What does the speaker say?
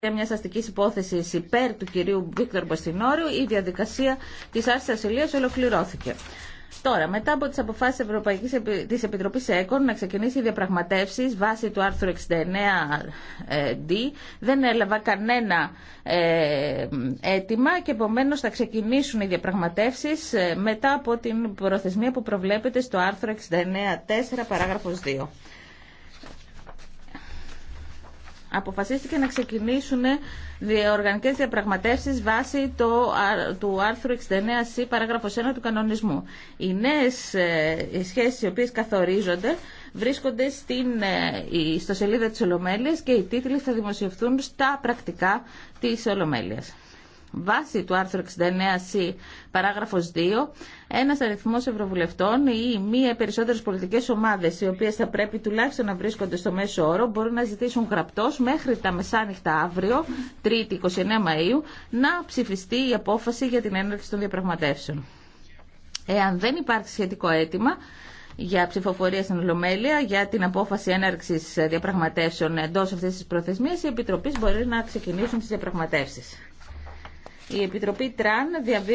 Ε, μια αστική υπόθεση υπέρ του κυρίου Βίκτορ Μποστινόριου, η διαδικασία τη άρση ασυλία ολοκληρώθηκε. Τώρα, μετά από τι αποφάσει τη Επιτροπή ΕΚΟΝ να ξεκινήσει οι διαπραγματεύσει βάσει του άρθρου 69D, ε, δεν έλαβα κανένα ε, αίτημα και επομένω θα ξεκινήσουν οι διαπραγματεύσει μετά από την προθεσμία που προβλέπεται στο άρθρο 69.4 παράγραφος 2 αποφασίστηκε να ξεκινήσουν διοργανικές διαπραγματεύσεις βάσει το, του άρθρου 69C παράγραφος 1 του κανονισμού. Οι νέες ε, σχέσεις οι οποίες καθορίζονται βρίσκονται στην ιστοσελίδα ε, της Ολομέλειας και οι τίτλοι θα δημοσιευθούν στα πρακτικά της Ολομέλειας. Βάσει του άρθρου 69C παράγραφος 2, ένας αριθμός ευρωβουλευτών ή μία περισσότερες πολιτικές ομάδες, οι οποίες θα πρέπει τουλάχιστον να βρίσκονται στο μέσο όρο, μπορούν να ζητήσουν γραπτός μέχρι τα μεσάνυχτα αύριο, 3η 29 Μαΐου, να ψηφιστεί η απόφαση για την έναρξη των διαπραγματεύσεων. Εάν δεν υπάρχει σχετικό αίτημα, για ψηφοφορία στην Ολομέλεια για την απόφαση έναρξη διαπραγματεύσεων εντό αυτή τη προθεσμία, οι επιτροπή μπορεί να ξεκινήσουν τι διαπραγματεύσει. Η Επιτροπή Τραν διαβίωσε.